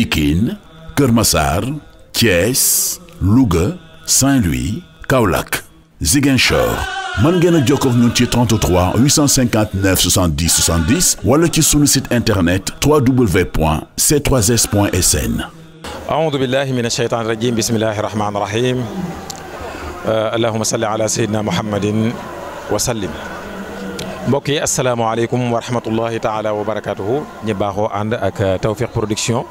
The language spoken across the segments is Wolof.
Pikine Kër Massar Thiès Louga Saint-Louis Kaolack Ziguinchor mën ngeen a jokkoo ak ñun ci 33 859 70 70 wala ci sunu site internet www.c3s.sn aoudu billahi min asheytaan rajim bismillahi rahmaani rahim euh, allahuma salli ala sayidina muhammadin wa sallim mbokk yi asalaamaaleykum wa rahmatullahi taala wa barakatuhu ñu baaxoo ànd ak Tawfekh Production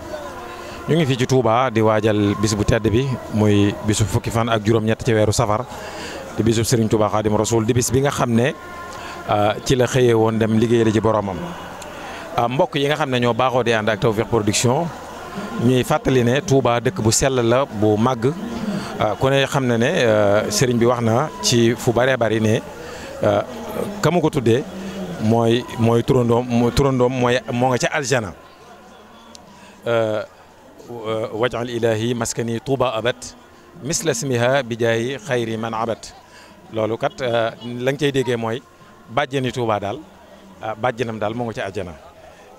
ñu ngi fii ci Touba di waajal bis bu tedd bi muy bisu fukki fan ak juróom-ñett ci weeru safar di bisu Serigne Touba Khadim Rasoul di bis bi nga xam ne ah, ci la xëyee woon dem liggéeyal ci boromam. Ah, mbokk yi nga xam ne ñoo baaxoo di ànd ak Tawfekh Production ñuy fàttali ne Touba dëkk bu sell la bu màgg ah, ku ne xam na ne sëriñ bi wax na ci fu bëree bari ne ka ko tuddee mooy mooy turandoom turandoom mooy moo nga ca aljana Euh, wajal ilahi maskani tuuba abat misla smiha bi jaayi xayri man abat loolu kat euh, la nga cay déggee mooy bàjjeni tuuba daal euh, bàjjenam daal moo nga ci àjjana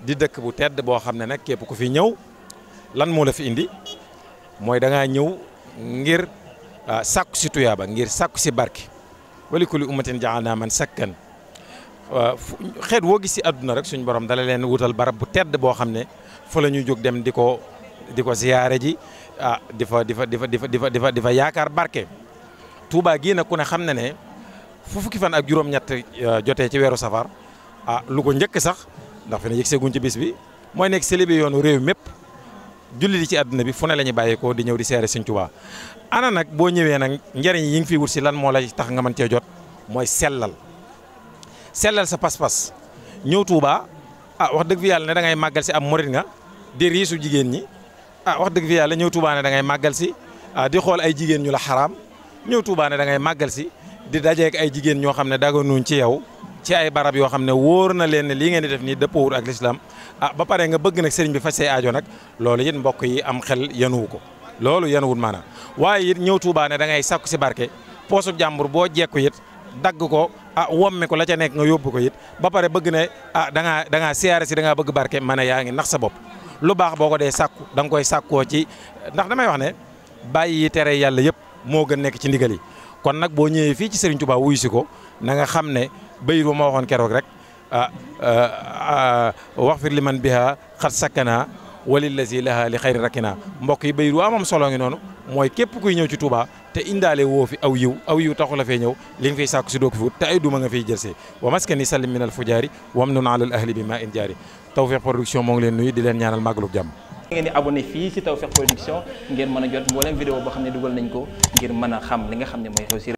di dëkk bu tedd boo xam ne nag képp ku fi ñëw lan moo la fi indi mooy da ñëw ngir sàkku si tuyaaba ngir sàkku si barke wali kulli ummatin jaalna man sakkan xeet woo gis si àdduna rek suñ borom dala leen wutal barab bu tedd boo xam ne fa la jóg dem di ko di ko siyaare ji ah di fa di fa di fa di fa di fa di fa di fa yaakaar barke Touba gii nag ku ne xam na ne fu fukki fan ak juróom-ñett euh, jotee ci weeru safar a ah, lu ko njëkk sax ndax fi ne yëg seeguñ ci bis bi mooy nekk selibi yoonu réew mépp julli di ci àdduna bi fu ne la ñu bàyyeekoo di ñëw di seere Sëñ Touba ana nag boo ñëwee nag njëriñ yi nga fi wut si lan moo lay tax nga mën cee jot mooy sellal sellal sa pas-pas ñëw Touba ah wax dëgg yàlla ne màggal si am morit nga di jigéen ñi ah wax dëgg fi yàlla ñëw Touba dangay da màggal si ah, di xool ay jigéen ñu la xaraam ñëw tuubaane dangay da màggal si di dajeek ay jigéen ñoo xam ne nuuñ ci yow ci ay barab yoo xam ne woor na leen ne lii ngeen di def nii dëppoowul ak lislaam ah ba pare nga bëgg nag sëriñ bi faj say aajo nag loolu it mbokk yi am xel yanuwu ko loolu yanuwul maanaam waaye it ñëw tuubaane dangay sakk si barke poosub jàmbur boo jekku it dagg ko ah womme ko la ca nekk nga yóbbu ko it ba pare bëgg ne ah da ngaa da ngaa si da ngaa bëgg barke ma ne yaa ngi nax sa bopp lu baax boo ko dee sàkku da nga koy sàkkoo ci ndax damay wax ne bàyyi tere yàlla yëpp moo gën nekk ci ndigal yi kon nag boo ñëwee fii ci Serigne Touba wuyu si ko na nga xam ne bayit ma waxoon keroog rek ah, ah, ah wax fir li man biha xat sakkana walillazi laha li xayri rakina mbokk yi bayit waa moom solo ngi noonu mooy képp kuy ñëw ci Touba te indaale woo fi aw yiw aw yiw taxu la fee ñëw li nga fiy sàkku si doo ko fi wut te ay duma nga fiy jëlsee wa maskani sallim min al fujaari wam nun alal ahli bi ma in jaari Tawfekh Production moo ngi leen nuyu di leen ñaanal màggalub jàmm ngeen di abonné fii si Tawfekh Production ngeen mën a jot mboolem vidéo boo xam ne dugal nañ ko ngir mën a xam li nga xam ne mooy xew